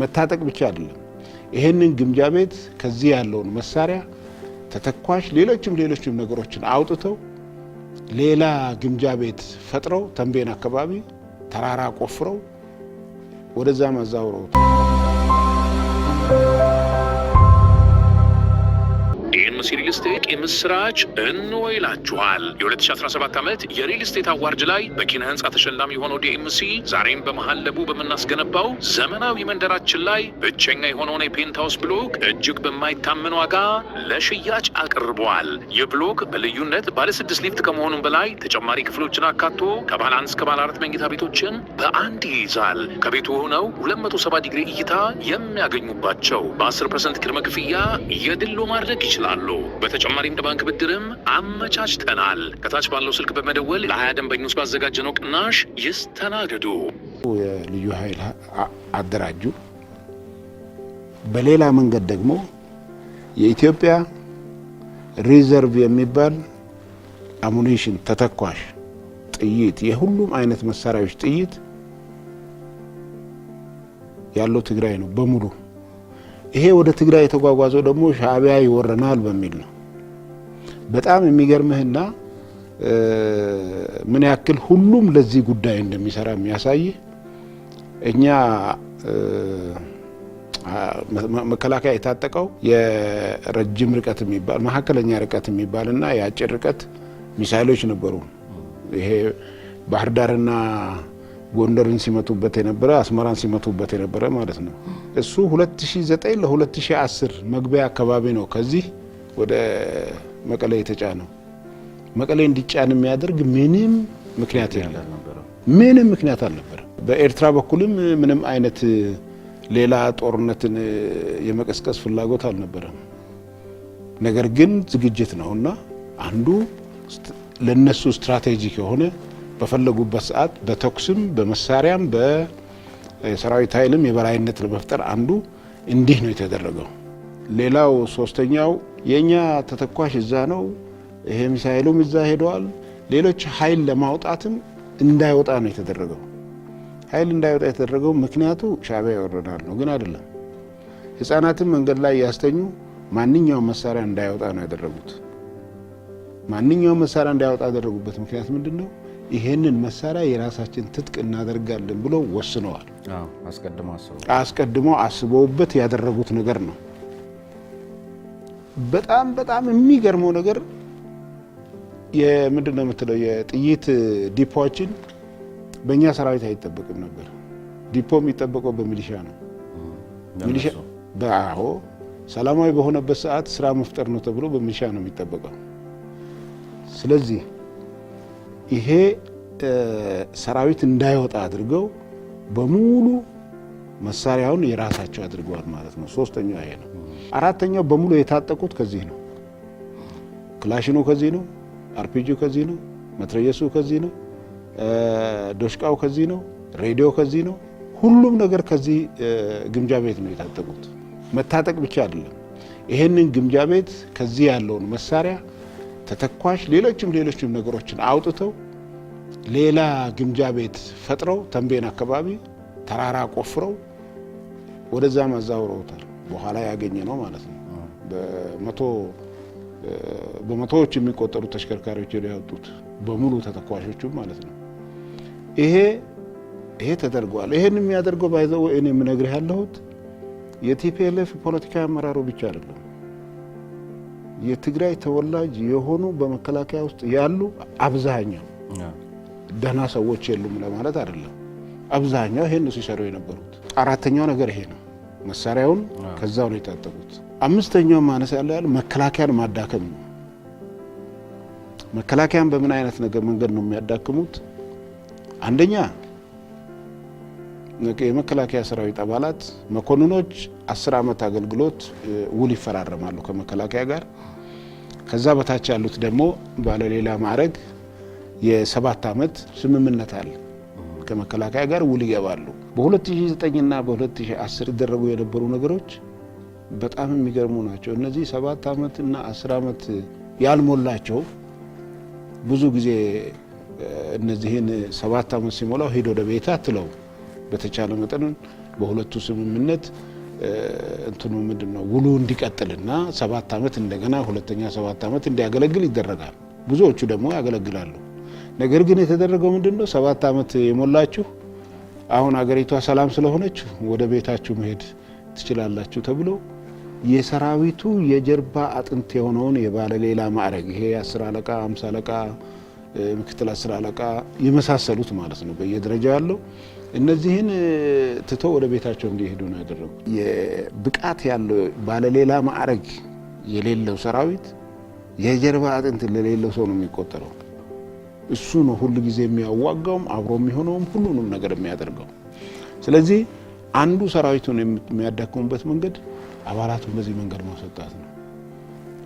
መታጠቅ ብቻ አይደለም። ይህንን ግምጃ ቤት ከዚህ ያለውን መሳሪያ ተተኳሽ፣ ሌሎችም ሌሎችም ነገሮችን አውጥተው ሌላ ግምጃ ቤት ፈጥረው ተንቤን አካባቢ ተራራ ቆፍረው ወደዛ ማዛውረውት ሆም ሲሪል ስቴት የምስራች እንወ ይላችኋል። የ2017 ዓመት የሪል ስቴት አዋርድ ላይ በኪነ ህንፃ ተሸላሚ የሆነው ዲኤምሲ ዛሬም በመሀል ለቡ በምናስገነባው ዘመናዊ መንደራችን ላይ ብቸኛ የሆነውን የፔንታውስ ብሎክ እጅግ በማይታመን ዋጋ ለሽያጭ አቅርበዋል። ይህ ብሎክ በልዩነት ስድስት ሊፍት ከመሆኑም በላይ ተጨማሪ ክፍሎችን አካቶ ከባለ አንድ እስከ ባለ አራት መኝታ ቤቶችን በአንድ ይይዛል። ከቤቱ ሆነው 270 ዲግሪ እይታ የሚያገኙባቸው በ10 ፐርሰንት ቅድመ ክፍያ የድሎ ማድረግ ይችላሉ። በተጨማሪም ለባንክ ብድርም አመቻችተናል። ከታች ባለው ስልክ በመደወል ለሀያ ደንበኞች ባዘጋጀነው ቅናሽ ይስተናገዱ። የልዩ ኃይል አደራጁ። በሌላ መንገድ ደግሞ የኢትዮጵያ ሪዘርቭ የሚባል አሙኒሽን ተተኳሽ ጥይት የሁሉም አይነት መሳሪያዎች ጥይት ያለው ትግራይ ነው በሙሉ። ይሄ ወደ ትግራይ የተጓጓዘው ደግሞ ሻዕቢያ ይወረናል በሚል ነው። በጣም የሚገርምህና ምን ያክል ሁሉም ለዚህ ጉዳይ እንደሚሰራ የሚያሳይ እኛ መከላከያ የታጠቀው የረጅም ርቀት የሚባል መካከለኛ ርቀት የሚባል የአጭር ርቀት ሚሳይሎች ነበሩ። ይሄ ባህር ዳርና ጎንደርን ሲመቱበት የነበረ አስመራን ሲመቱበት የነበረ ማለት ነው። እሱ 2009 ለ2010 መግቢያ አካባቢ ነው ከዚህ ወደ መቀሌ የተጫነው። መቀሌ እንዲጫን የሚያደርግ ምንም ምክንያት የለም። ምንም ምክንያት አልነበረ። በኤርትራ በኩልም ምንም አይነት ሌላ ጦርነትን የመቀስቀስ ፍላጎት አልነበረም። ነገር ግን ዝግጅት ነው እና አንዱ ለነሱ ስትራቴጂክ የሆነ በፈለጉበት ሰዓት በተኩስም በመሳሪያም በሰራዊት ኃይልም የበላይነት ለመፍጠር አንዱ እንዲህ ነው የተደረገው። ሌላው ሶስተኛው የእኛ ተተኳሽ እዛ ነው፣ ይሄ ሚሳይሉም እዛ ሄደዋል። ሌሎች ኃይል ለማውጣትም እንዳይወጣ ነው የተደረገው። ኃይል እንዳይወጣ የተደረገው ምክንያቱ ሻቢያ ይወረዳል ነው፣ ግን አይደለም። ህፃናትን መንገድ ላይ እያስተኙ ማንኛውም መሳሪያ እንዳይወጣ ነው ያደረጉት። ማንኛውም መሳሪያ እንዳያወጣ ያደረጉበት ምክንያት ምንድን ነው? ይሄንን መሳሪያ የራሳችን ትጥቅ እናደርጋለን ብሎ ወስነዋል። አስቀድሞ አስበውበት ያደረጉት ነገር ነው። በጣም በጣም የሚገርመው ነገር የምንድን ነው የምትለው የጥይት ዲፖችን በእኛ ሰራዊት አይጠበቅም ነበር። ዲፖ የሚጠበቀው በሚሊሻ ነው። ሚሊሻ በአዎ ሰላማዊ በሆነበት ሰዓት ስራ መፍጠር ነው ተብሎ በሚሊሻ ነው የሚጠበቀው። ስለዚህ ይሄ ሰራዊት እንዳይወጣ አድርገው በሙሉ መሳሪያውን የራሳቸው አድርገዋል ማለት ነው። ሶስተኛው ይሄ ነው። አራተኛው በሙሉ የታጠቁት ከዚህ ነው። ክላሽኑ ከዚህ ነው። አርፒጂው ከዚህ ነው። መትረየሱ ከዚህ ነው። ዶሽቃው ከዚህ ነው። ሬዲዮ ከዚህ ነው። ሁሉም ነገር ከዚህ ግምጃ ቤት ነው የታጠቁት። መታጠቅ ብቻ አይደለም፣ ይሄንን ግምጃ ቤት ከዚህ ያለውን መሳሪያ ተተኳሽ፣ ሌሎችም ሌሎችም ነገሮችን አውጥተው ሌላ ግምጃ ቤት ፈጥረው ተንቤን አካባቢ ተራራ ቆፍረው ወደዛ አዛውረውታል። በኋላ ያገኘ ነው ማለት ነው። በመቶዎች የሚቆጠሩ ተሽከርካሪዎች ያወጡት በሙሉ ተተኳሾቹም ማለት ነው። ይሄ ይሄ ተደርጓል። ይሄን የሚያደርገው ባይዘው እኔ የምነግርህ ያለሁት የቲፒኤልኤፍ ፖለቲካዊ አመራሩ ብቻ አይደለም። የትግራይ ተወላጅ የሆኑ በመከላከያ ውስጥ ያሉ አብዛኛው ደህና ሰዎች የሉም ለማለት አይደለም። አብዛኛው ይሄን ነው ሲሰሩ የነበሩት። አራተኛው ነገር ይሄ ነው። መሳሪያውን ከዛው ነው የታጠቁት። አምስተኛው ማነስ ያለው ያለ መከላከያን ማዳከም ነው። መከላከያን በምን አይነት ነገር መንገድ ነው የሚያዳክሙት? አንደኛ የመከላከያ ሰራዊት አባላት መኮንኖች አስር ዓመት አገልግሎት ውል ይፈራረማሉ ከመከላከያ ጋር። ከዛ በታች ያሉት ደግሞ ባለሌላ ማዕረግ የሰባት ዓመት ስምምነት አለ ከመከላከያ ጋር ውል ይገባሉ። በ2009ና በ2010 ይደረጉ የነበሩ ነገሮች በጣም የሚገርሙ ናቸው። እነዚህ ሰባት ዓመት እና አስር ዓመት ያልሞላቸው ብዙ ጊዜ እነዚህን ሰባት ዓመት ሲሞላው ሂዶ ወደ ቤት አትለው በተቻለ መጠን በሁለቱ ስምምነት እንትኑ ምንድን ነው ውሉ እንዲቀጥልና ሰባት ዓመት እንደገና ሁለተኛ ሰባት ዓመት እንዲያገለግል ይደረጋል። ብዙዎቹ ደግሞ ያገለግላሉ። ነገር ግን የተደረገው ምንድን ነው ሰባት ዓመት የሞላችሁ አሁን አገሪቷ ሰላም ስለሆነች ወደ ቤታችሁ መሄድ ትችላላችሁ ተብሎ የሰራዊቱ የጀርባ አጥንት የሆነውን የባለሌላ ማዕረግ ይሄ አስር አለቃ፣ አምሳ አለቃ፣ ምክትል አስር አለቃ የመሳሰሉት ማለት ነው በየደረጃ ያለው እነዚህን ትቶ ወደ ቤታቸው እንዲሄዱ ነው ያደረጉ ብቃት ያለው ባለሌላ ማዕረግ የሌለው ሰራዊት የጀርባ አጥንት ለሌለው ሰው ነው የሚቆጠረው። እሱ ነው ሁሉ ጊዜ የሚያዋጋውም አብሮ የሚሆነውም ሁሉንም ነገር የሚያደርገው። ስለዚህ አንዱ ሰራዊቱን የሚያዳክሙበት መንገድ አባላቱን በዚህ መንገድ ማስወጣት ነው።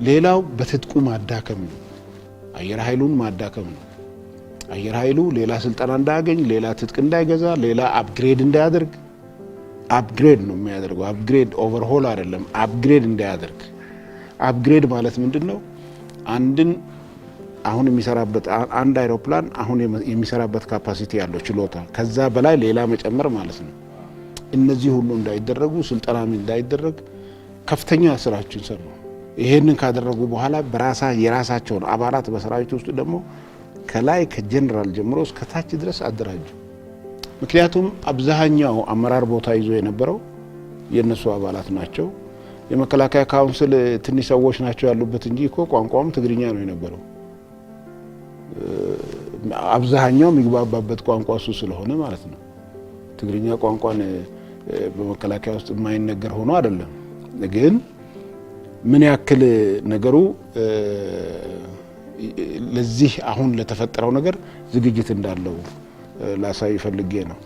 ሌላው በትጥቁ ማዳከም ነው። አየር ኃይሉን ማዳከም ነው። አየር ኃይሉ ሌላ ስልጠና እንዳያገኝ፣ ሌላ ትጥቅ እንዳይገዛ፣ ሌላ አፕግሬድ እንዳያደርግ። አፕግሬድ ነው የሚያደርገው። አፕግሬድ ኦቨርሆል አይደለም። አፕግሬድ እንዳያደርግ። አፕግሬድ ማለት ምንድን ነው? አንድን አሁን የሚሰራበት አንድ አይሮፕላን አሁን የሚሰራበት ካፓሲቲ ያለው ችሎታ ከዛ በላይ ሌላ መጨመር ማለት ነው። እነዚህ ሁሉ እንዳይደረጉ ስልጠና እንዳይደረግ ከፍተኛ ስራችን ሰሩ። ይሄንን ካደረጉ በኋላ በራሳ የራሳቸውን አባላት በሰራዊት ውስጥ ደግሞ ከላይ ከጀኔራል ጀምሮ እስከ ታች ድረስ አደራጁ። ምክንያቱም አብዛኛው አመራር ቦታ ይዞ የነበረው የእነሱ አባላት ናቸው። የመከላከያ ካውንስል ትንሽ ሰዎች ናቸው ያሉበት እንጂ እኮ ቋንቋውም ትግርኛ ነው የነበረው። አብዛኛው የሚግባባበት ቋንቋ እሱ ስለሆነ ማለት ነው። ትግርኛ ቋንቋን በመከላከያ ውስጥ የማይነገር ሆኖ አይደለም፣ ግን ምን ያክል ነገሩ ለዚህ አሁን ለተፈጠረው ነገር ዝግጅት እንዳለው ላሳይ ፈልጌ ነው።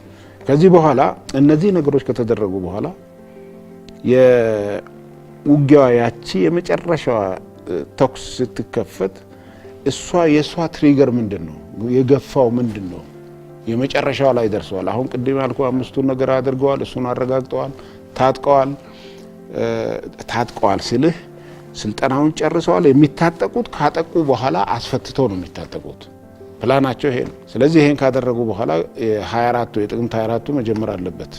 ከዚህ በኋላ እነዚህ ነገሮች ከተደረጉ በኋላ የውጊያዋ ያቺ የመጨረሻዋ ተኩስ ስትከፈት እሷ የእሷ ትሪገር ምንድን ነው? የገፋው ምንድን ነው? የመጨረሻዋ ላይ ደርሰዋል። አሁን ቅድም ያልኩ አምስቱን ነገር አድርገዋል። እሱን አረጋግጠዋል። ታጥቀዋል ታጥቀዋል ስልህ ስልጠናውን ጨርሰዋል። የሚታጠቁት ካጠቁ በኋላ አስፈትተው ነው የሚታጠቁት። ፕላናቸው ይሄ ነው። ስለዚህ ይሄን ካደረጉ በኋላ 24ቱ የጥቅምት 24ቱ መጀመር አለበት።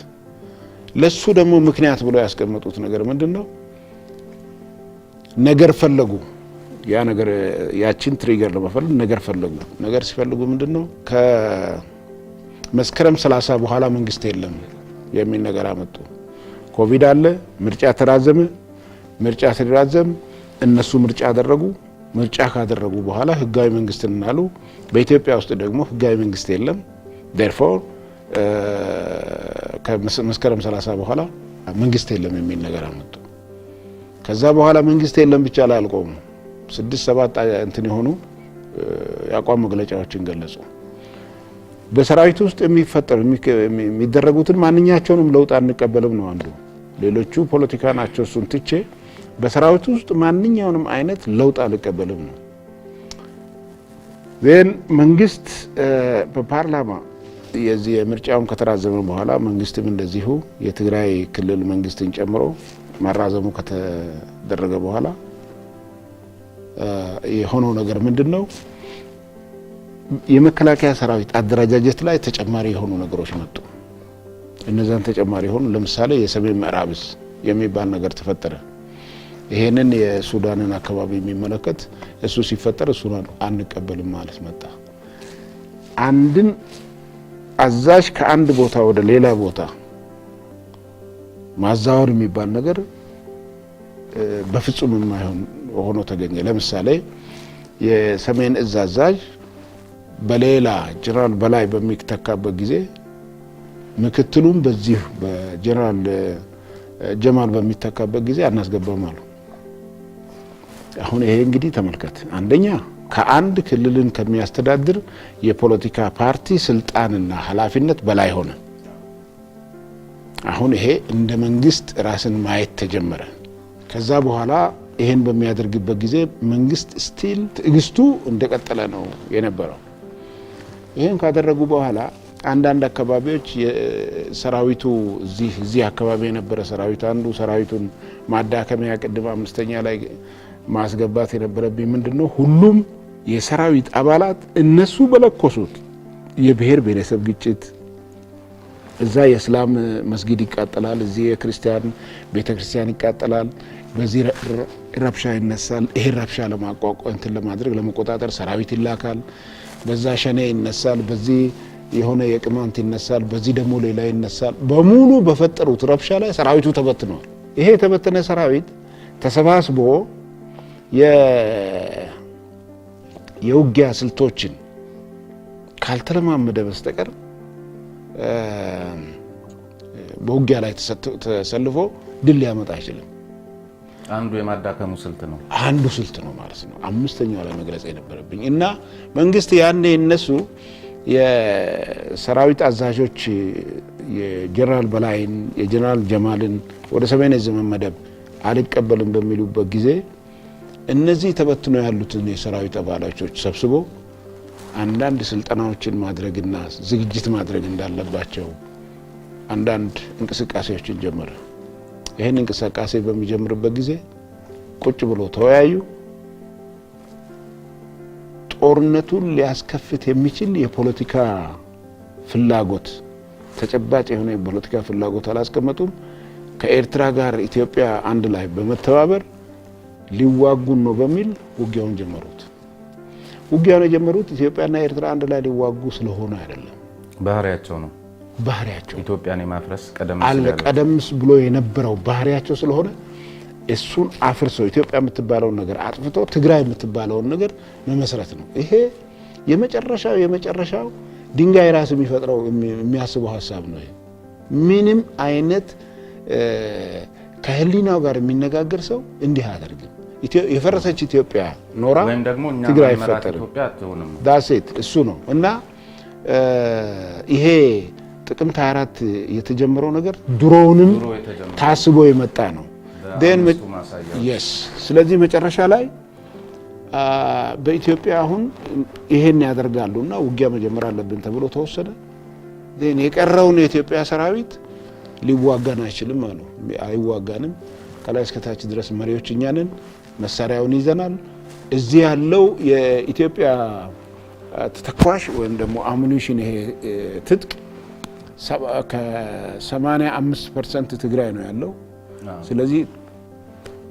ለሱ ደግሞ ምክንያት ብሎ ያስቀመጡት ነገር ምንድን ነው? ነገር ፈለጉ። ያ ነገር ያቺን ትሪገር ለመፈለግ ነገር ፈለጉ። ነገር ሲፈልጉ ምንድን ነው? ከመስከረም 30 በኋላ መንግስት የለም የሚል ነገር አመጡ። ኮቪድ አለ፣ ምርጫ ተራዘመ። ምርጫ ሲራዘም እነሱ ምርጫ አደረጉ። ምርጫ ካደረጉ በኋላ ህጋዊ መንግስት እናሉ። በኢትዮጵያ ውስጥ ደግሞ ህጋዊ መንግስት የለም። ዴርፎር ከመስከረም 30 በኋላ መንግስት የለም የሚል ነገር አመጡ። ከዛ በኋላ መንግስት የለም ብቻ ላይ አልቆሙ። ስድስት ሰባት እንትን የሆኑ የአቋም መግለጫዎችን ገለጹ። በሰራዊት ውስጥ የሚፈጠሩ የሚደረጉትን ማንኛቸውንም ለውጥ አንቀበልም ነው አንዱ። ሌሎቹ ፖለቲካ ናቸው፣ እሱን ትቼ በሰራዊት ውስጥ ማንኛውንም አይነት ለውጥ አልቀበልም ነው። ዜን መንግስት በፓርላማ የዚህ የምርጫውን ከተራዘመ በኋላ መንግስትም እንደዚሁ የትግራይ ክልል መንግስትን ጨምሮ መራዘሙ ከተደረገ በኋላ የሆነው ነገር ምንድን ነው? የመከላከያ ሰራዊት አደረጃጀት ላይ ተጨማሪ የሆኑ ነገሮች መጡ። እነዛን ተጨማሪ የሆኑ ለምሳሌ የሰሜን ምዕራብስ የሚባል ነገር ተፈጠረ። ይሄንን የሱዳንን አካባቢ የሚመለከት እሱ ሲፈጠር እሱ አንቀበልም ማለት መጣ። አንድን አዛዥ ከአንድ ቦታ ወደ ሌላ ቦታ ማዛወር የሚባል ነገር በፍጹም የማይሆን ሆኖ ተገኘ። ለምሳሌ የሰሜን እዝ አዛዥ በሌላ ጀነራል በላይ በሚተካበት ጊዜ ምክትሉም በዚሁ በጀነራል ጀማል በሚተካበት ጊዜ አናስገባም አሉ። አሁን ይሄ እንግዲህ ተመልከት፣ አንደኛ ከአንድ ክልልን ከሚያስተዳድር የፖለቲካ ፓርቲ ስልጣንና ኃላፊነት በላይ ሆነ። አሁን ይሄ እንደ መንግስት ራስን ማየት ተጀመረ። ከዛ በኋላ ይሄን በሚያደርግበት ጊዜ መንግስት ስቲል ትዕግስቱ እንደቀጠለ ነው የነበረው። ይህን ካደረጉ በኋላ አንዳንድ አካባቢዎች ሰራዊቱ እዚህ አካባቢ የነበረ ሰራዊት አንዱ ሰራዊቱን ማዳከሚያ ቅድም አምስተኛ ላይ ማስገባት የነበረብኝ ምንድን ነው? ሁሉም የሰራዊት አባላት እነሱ በለኮሱት የብሔር ብሔረሰብ ግጭት እዛ የእስላም መስጊድ ይቃጠላል፣ እዚህ የክርስቲያን ቤተ ክርስቲያን ይቃጠላል፣ በዚህ ረብሻ ይነሳል። ይሄ ረብሻ ለማቋቋም እንትን ለማድረግ ለመቆጣጠር ሰራዊት ይላካል። በዛ ሸኔ ይነሳል፣ በዚህ የሆነ የቅማንት ይነሳል፣ በዚህ ደግሞ ሌላ ይነሳል። በሙሉ በፈጠሩት ረብሻ ላይ ሰራዊቱ ተበትነዋል። ይሄ የተበተነ ሰራዊት ተሰባስቦ የውጊያ ስልቶችን ካልተለማመደ በስተቀር በውጊያ ላይ ተሰልፎ ድል ሊያመጣ አይችልም። አንዱ የማዳከሙ ስልት ነው፣ አንዱ ስልት ነው ማለት ነው። አምስተኛው ላይ መግለጽ የነበረብኝ እና መንግስት ያኔ እነሱ የሰራዊት አዛዦች የጀነራል በላይን የጀነራል ጀማልን ወደ ሰሜን ዕዝ አልቀበልም በሚሉበት ጊዜ እነዚህ ተበትኖ ያሉትን የሰራዊት አባላቾች ሰብስቦ አንዳንድ ስልጠናዎችን ማድረግና ዝግጅት ማድረግ እንዳለባቸው አንዳንድ እንቅስቃሴዎችን ጀመረ። ይህን እንቅስቃሴ በሚጀምርበት ጊዜ ቁጭ ብሎ ተወያዩ። ጦርነቱን ሊያስከፍት የሚችል የፖለቲካ ፍላጎት ተጨባጭ የሆነ የፖለቲካ ፍላጎት አላስቀመጡም። ከኤርትራ ጋር ኢትዮጵያ አንድ ላይ በመተባበር ሊዋጉን ነው በሚል ውጊያውን ጀመሩት። ውጊያውን የጀመሩት ኢትዮጵያና ኤርትራ አንድ ላይ ሊዋጉ ስለሆነ አይደለም፣ ባህሪያቸው ነው። ባህሪያቸው ኢትዮጵያን የማፍረስ ቀደም ብሎ የነበረው ባህሪያቸው ስለሆነ እሱን አፍርሶ ኢትዮጵያ የምትባለውን ነገር አጥፍቶ ትግራይ የምትባለውን ነገር መመስረት ነው። ይሄ የመጨረሻው የመጨረሻው ድንጋይ ራስ የሚፈጥረው የሚያስበው ሀሳብ ነው። ምንም አይነት ከህሊናው ጋር የሚነጋገር ሰው እንዲህ አያደርግም። የፈረሰች ኢትዮጵያ ኖራ ትግራይ አይፈጠርም። ዳሴት እሱ ነው እና ይሄ ጥቅምት 24 የተጀመረው ነገር ድሮውንም ታስቦ የመጣ ነው። የስ ስለዚህ መጨረሻ ላይ በኢትዮጵያ አሁን ይሄን ያደርጋሉ እና ውጊያ መጀመር አለብን ተብሎ ተወሰደ። የቀረውን የኢትዮጵያ ሰራዊት ሊዋጋን አይችልም አሉ። አይዋጋንም ከላይ እስከታች ድረስ መሪዎች እኛንን መሳሪያውን ይዘናል። እዚህ ያለው የኢትዮጵያ ተተኳሽ ወይም ደግሞ አሙኒሽን ይሄ ትጥቅ ከ85 ፐርሰንት ትግራይ ነው ያለው። ስለዚህ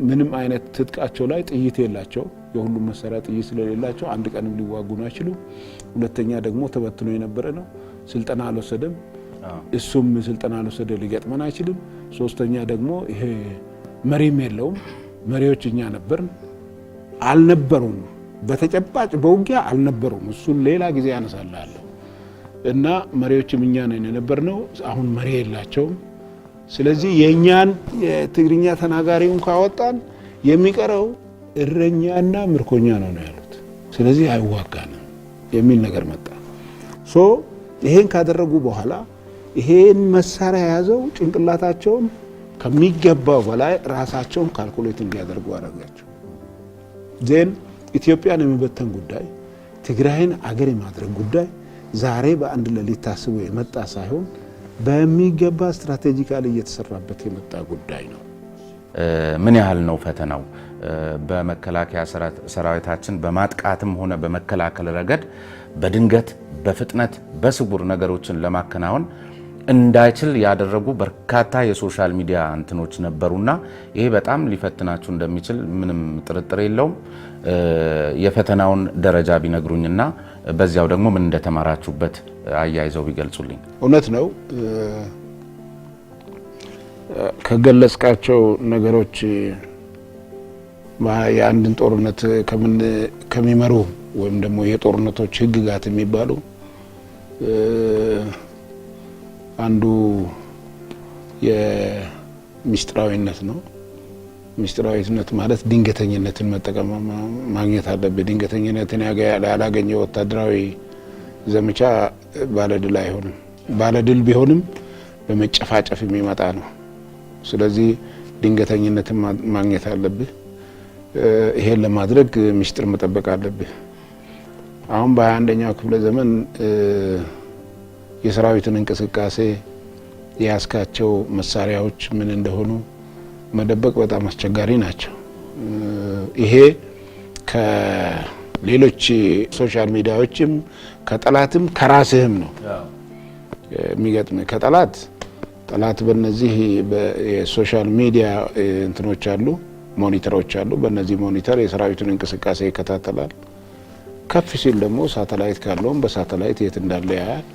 ምንም አይነት ትጥቃቸው ላይ ጥይት የላቸው። የሁሉም መሳሪያ ጥይት ስለሌላቸው አንድ ቀንም ሊዋጉን አይችሉም። ሁለተኛ ደግሞ ተበትኖ የነበረ ነው። ስልጠና አልወሰደም። እሱም ስልጠና አልወሰደ ሊገጥመን አይችልም። ሶስተኛ ደግሞ ይሄ መሪም የለውም። መሪዎች እኛ ነበርን አልነበሩም። በተጨባጭ በውጊያ አልነበሩም። እሱን ሌላ ጊዜ ያነሳላለሁ እና መሪዎችም እኛ ነን የነበርነው። አሁን መሪ የላቸውም። ስለዚህ የእኛን የትግርኛ ተናጋሪውን ካወጣን የሚቀረው እረኛና ምርኮኛ ነው ነው ያሉት። ስለዚህ አይዋጋንም የሚል ነገር መጣ። ሶ ይሄን ካደረጉ በኋላ ይሄን መሳሪያ የያዘው ጭንቅላታቸውን ከሚገባው በላይ ራሳቸውን ካልኩሌት እንዲያደርጉ አደረጋቸው። ዜን ኢትዮጵያን የሚበተን ጉዳይ፣ ትግራይን አገር የማድረግ ጉዳይ ዛሬ በአንድ ሌሊት ታስቦ የመጣ ሳይሆን በሚገባ ስትራቴጂካል እየተሰራበት የመጣ ጉዳይ ነው። ምን ያህል ነው ፈተናው? በመከላከያ ሰራዊታችን በማጥቃትም ሆነ በመከላከል ረገድ በድንገት በፍጥነት በስውር ነገሮችን ለማከናወን እንዳይችል ያደረጉ በርካታ የሶሻል ሚዲያ እንትኖች ነበሩና ይሄ በጣም ሊፈትናችሁ እንደሚችል ምንም ጥርጥር የለውም። የፈተናውን ደረጃ ቢነግሩኝና በዚያው ደግሞ ምን እንደተማራችሁበት አያይዘው ቢገልጹልኝ። እውነት ነው ከገለጽቃቸው ነገሮች የአንድን ጦርነት ከሚመሩ ወይም ደግሞ የጦርነቶች ህግጋት የሚባሉ አንዱ የሚስጥራዊነት ነው። ሚስጥራዊነት ማለት ድንገተኝነትን መጠቀም ማግኘት አለብህ። ድንገተኝነትን ያላገኘ ወታደራዊ ዘመቻ ባለድል አይሆንም። ባለድል ቢሆንም በመጨፋጨፍ የሚመጣ ነው። ስለዚህ ድንገተኝነትን ማግኘት አለብህ። ይሄን ለማድረግ ሚስጥር መጠበቅ አለብህ። አሁን በሀያ አንደኛው ክፍለ ዘመን የሰራዊትን እንቅስቃሴ የያዝካቸው መሳሪያዎች ምን እንደሆኑ መደበቅ በጣም አስቸጋሪ ናቸው። ይሄ ከሌሎች ሶሻል ሚዲያዎችም ከጠላትም ከራስህም ነው የሚገጥም። ከጠላት ጠላት በነዚህ የሶሻል ሚዲያ እንትኖች አሉ፣ ሞኒተሮች አሉ። በነዚህ ሞኒተር የሰራዊቱን እንቅስቃሴ ይከታተላል። ከፍ ሲል ደግሞ ሳተላይት ካለውም በሳተላይት የት እንዳለ ያያል።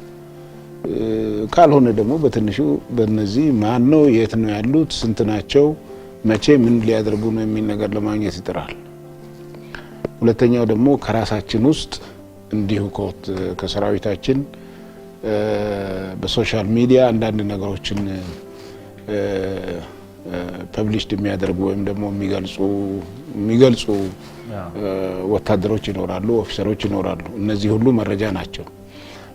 ካልሆነ ደግሞ በትንሹ በነዚህ ማን ነው፣ የት ነው ያሉት፣ ስንት ናቸው፣ መቼ ምን ሊያደርጉ ነው የሚል ነገር ለማግኘት ይጥራል። ሁለተኛው ደግሞ ከራሳችን ውስጥ እንዲሁ ከሰራዊታችን በሶሻል ሚዲያ አንዳንድ ነገሮችን ፐብሊሽድ የሚያደርጉ ወይም ደግሞ የሚገልጹ ወታደሮች ይኖራሉ፣ ኦፊሰሮች ይኖራሉ። እነዚህ ሁሉ መረጃ ናቸው።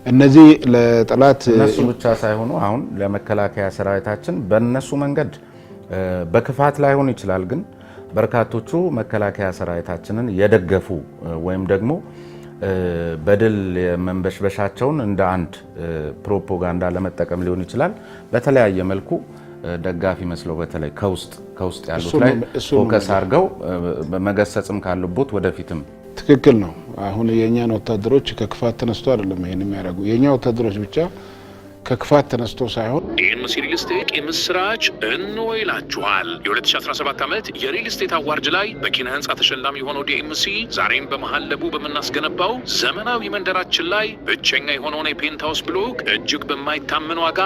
እነዚህ ለጠላት እነሱ ብቻ ሳይሆኑ አሁን ለመከላከያ ሰራዊታችን በእነሱ መንገድ በክፋት ላይሆን ይችላል፣ ግን በርካቶቹ መከላከያ ሰራዊታችንን የደገፉ ወይም ደግሞ በድል መንበሽበሻቸውን እንደ አንድ ፕሮፓጋንዳ ለመጠቀም ሊሆን ይችላል። በተለያየ መልኩ ደጋፊ መስለው በተለይ ከውስጥ ከውስጥ ያሉት ላይ ፎከስ አድርገው መገሰጽም ካለቦት ወደፊትም ትክክል ነው። አሁን የእኛን ወታደሮች ከክፋት ተነስቶ አይደለም ይሄን የሚያደርጉ የእኛ ወታደሮች ብቻ ከክፋት ተነስቶ ሳይሆን ዲኤምሲ ሪል ስቴት የምስራች እንሆ ይላችኋል። የ2017 ዓመት የሪል ስቴት አዋርድ ላይ በኪነ ህንፃ ተሸላሚ የሆነው ዲኤምሲ ዛሬም በመሀል ለቡ በምናስገነባው ዘመናዊ መንደራችን ላይ ብቸኛ የሆነውን የፔንትሃውስ ብሎክ እጅግ በማይታመን ዋጋ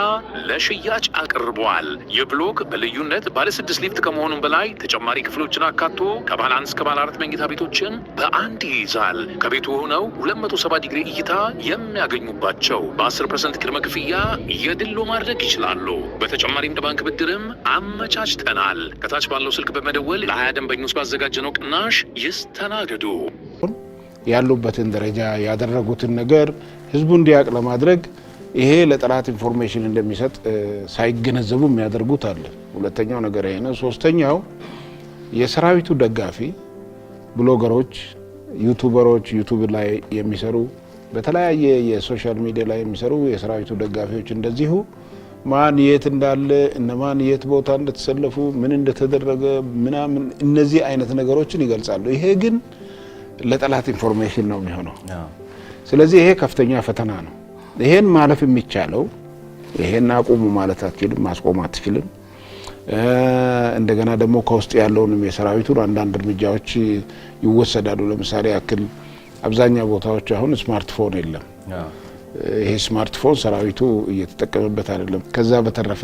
ለሽያጭ አቅርበዋል። ይህ ብሎክ በልዩነት ባለ ስድስት ሊፍት ከመሆኑም በላይ ተጨማሪ ክፍሎችን አካቶ ከባለ አንድ እስከ ባለ አራት መኝታ ቤቶችን በአንድ ይይዛል። ከቤቱ ሆነው 270 ዲግሪ እይታ የሚያገኙባቸው በ10 ፐርሰንት ቅድመ ክፍያ የድሎ ማድረግ ይችላሉ። በተጨማሪም ለባንክ ብድርም አመቻችተናል። ከታች ባለው ስልክ በመደወል ለሀያ ደንበኞች ባዘጋጀነው ቅናሽ ይስተናገዱ። ያሉበትን ደረጃ ያደረጉትን ነገር ህዝቡ እንዲያውቅ ለማድረግ ይሄ ለጠላት ኢንፎርሜሽን እንደሚሰጥ ሳይገነዘቡ የሚያደርጉት አለ። ሁለተኛው ነገር ይሄ ነው። ሶስተኛው የሰራዊቱ ደጋፊ ብሎገሮች፣ ዩቱበሮች፣ ዩቱብ ላይ የሚሰሩ በተለያየ የሶሻል ሚዲያ ላይ የሚሰሩ የሰራዊቱ ደጋፊዎች እንደዚሁ ማን የት እንዳለ እነማን የት ቦታ እንደተሰለፉ ምን እንደተደረገ ምናምን እነዚህ አይነት ነገሮችን ይገልጻሉ። ይሄ ግን ለጠላት ኢንፎርሜሽን ነው የሚሆነው። ስለዚህ ይሄ ከፍተኛ ፈተና ነው። ይሄን ማለፍ የሚቻለው ይሄን አቁሙ ማለት አትችልም፣ ማስቆም አትችልም። እንደገና ደግሞ ከውስጥ ያለውንም የሰራዊቱን አንዳንድ እርምጃዎች ይወሰዳሉ። ለምሳሌ ያክል አብዛኛው ቦታዎች አሁን ስማርትፎን የለም። ይሄ ስማርትፎን ሰራዊቱ እየተጠቀመበት አይደለም። ከዛ በተረፈ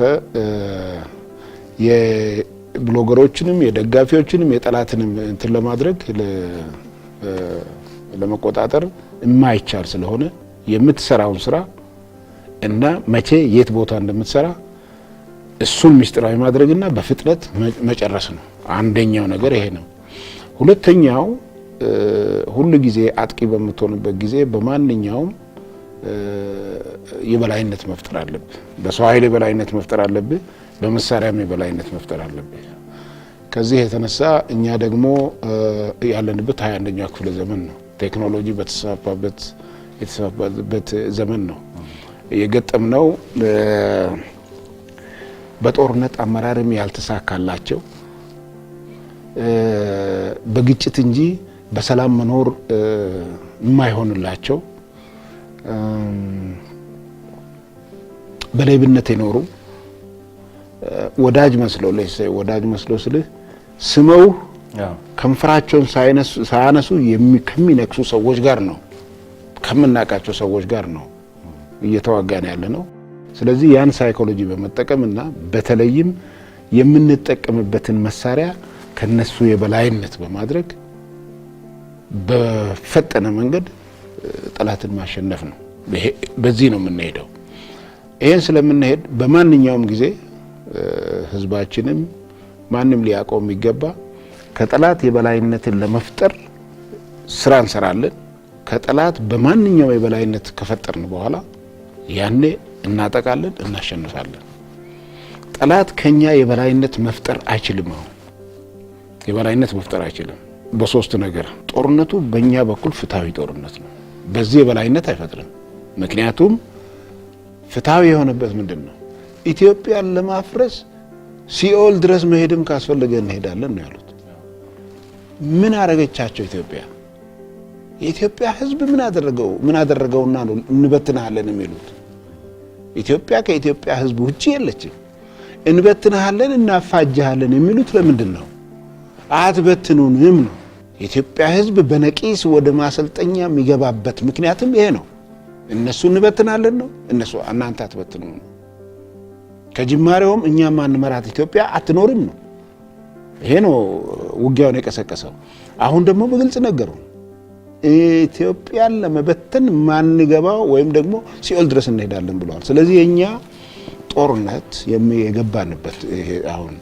የብሎገሮችንም የደጋፊዎችንም የጠላትንም እንትን ለማድረግ ለመቆጣጠር የማይቻል ስለሆነ የምትሰራውን ስራ እና መቼ የት ቦታ እንደምትሰራ እሱን ምስጢራዊ ማድረግና በፍጥነት መጨረስ ነው። አንደኛው ነገር ይሄ ነው። ሁለተኛው ሁሉ ጊዜ አጥቂ በምትሆንበት ጊዜ በማንኛውም የበላይነት መፍጠር አለብህ። በሰው ኃይል የበላይነት መፍጠር አለብህ። በመሳሪያም የበላይነት መፍጠር አለብህ። ከዚህ የተነሳ እኛ ደግሞ ያለንበት ሀያ አንደኛ ክፍለ ዘመን ነው። ቴክኖሎጂ በተስፋፋበት ዘመን ነው የገጠምነው። በጦርነት አመራርም ያልተሳካላቸው በግጭት እንጂ በሰላም መኖር የማይሆንላቸው በሌብነት የኖሩ ወዳጅ መስሎ ወዳጅ መስሎ ስልህ ስመው ከንፈራቸውን ሳያነሱ ከሚነክሱ ሰዎች ጋር ነው ከምናውቃቸው ሰዎች ጋር ነው እየተዋጋን ያለ ነው። ስለዚህ ያን ሳይኮሎጂ በመጠቀም እና በተለይም የምንጠቀምበትን መሳሪያ ከነሱ የበላይነት በማድረግ በፈጠነ መንገድ ጠላትን ማሸነፍ ነው። በዚህ ነው የምንሄደው። ይህን ስለምንሄድ በማንኛውም ጊዜ ህዝባችንም ማንም ሊያውቀው የሚገባ ከጠላት የበላይነትን ለመፍጠር ስራ እንሰራለን። ከጠላት በማንኛውም የበላይነት ከፈጠርን በኋላ ያኔ እናጠቃለን፣ እናሸንፋለን። ጠላት ከኛ የበላይነት መፍጠር አይችልም። አሁን የበላይነት መፍጠር አይችልም። በሶስት ነገር ጦርነቱ በእኛ በኩል ፍትሐዊ ጦርነት ነው። በዚህ የበላይነት አይፈጥርም። ምክንያቱም ፍትሐዊ የሆነበት ምንድን ነው? ኢትዮጵያን ለማፍረስ ሲኦል ድረስ መሄድም ካስፈለገ እንሄዳለን ነው ያሉት። ምን አረገቻቸው ኢትዮጵያ? የኢትዮጵያ ሕዝብ ምን አደረገው? ምን አደረገውና ነው እንበትናሃለን የሚሉት? ኢትዮጵያ ከኢትዮጵያ ሕዝብ ውጭ የለችም። እንበትናሃለን፣ እናፋጅሃለን የሚሉት ለምንድን ነው? አትበትኑንም ነው የኢትዮጵያ ህዝብ በነቂስ ወደ ማሰልጠኛ የሚገባበት ምክንያትም ይሄ ነው። እነሱ እንበትናለን ነው፣ እነሱ እናንተ አትበትኑ ነው። ከጅማሬውም እኛ ማንመራት ኢትዮጵያ አትኖርም ነው። ይሄ ነው ውጊያውን የቀሰቀሰው። አሁን ደግሞ በግልጽ ነገሩ ኢትዮጵያን ለመበተን ማንገባው ወይም ደግሞ ሲኦል ድረስ እንሄዳለን ብለዋል። ስለዚህ የእኛ ጦርነት የገባንበት አሁን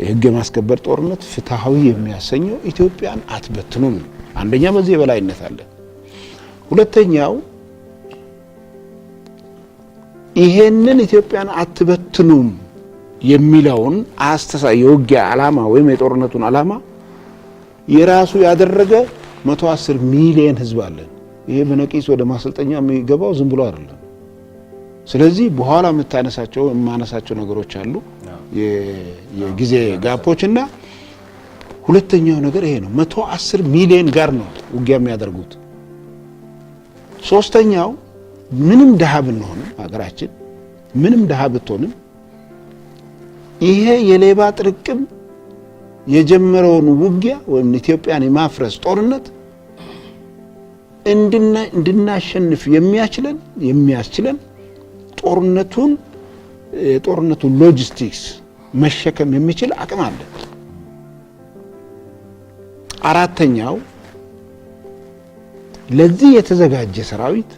የህግ የማስከበር ጦርነት ፍትሐዊ የሚያሰኘው ኢትዮጵያን አትበትኑም ነው። አንደኛ በዚህ የበላይነት አለ። ሁለተኛው ይሄንን ኢትዮጵያን አትበትኑም የሚለውን አስተሳ የውጊያ ዓላማ ወይም የጦርነቱን ዓላማ የራሱ ያደረገ 110 ሚሊየን ህዝብ አለን። ይሄ በነቂስ ወደ ማሰልጠኛ የሚገባው ዝም ብሎ አይደለም። ስለዚህ በኋላ የምታነሳቸው የማነሳቸው ነገሮች አሉ። የጊዜ ጋፖች እና ሁለተኛው ነገር ይሄ ነው። መቶ አስር ሚሊዮን ጋር ነው ውጊያ የሚያደርጉት። ሶስተኛው ምንም ድሃ ብንሆንም ሀገራችን ምንም ድሃ ብትሆንም ይሄ የሌባ ጥርቅም የጀመረውን ውጊያ ወይም ኢትዮጵያን የማፍረስ ጦርነት እንድናሸንፍ የሚያችለን የሚያስችለን ጦርነቱን የጦርነቱን ሎጂስቲክስ መሸከም የሚችል አቅም አለ። አራተኛው ለዚህ የተዘጋጀ ሰራዊት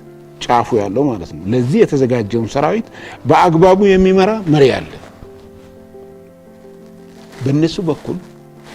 ጫፉ ያለው ማለት ነው። ለዚህ የተዘጋጀውን ሰራዊት በአግባቡ የሚመራ መሪ አለ። በእነሱ በኩል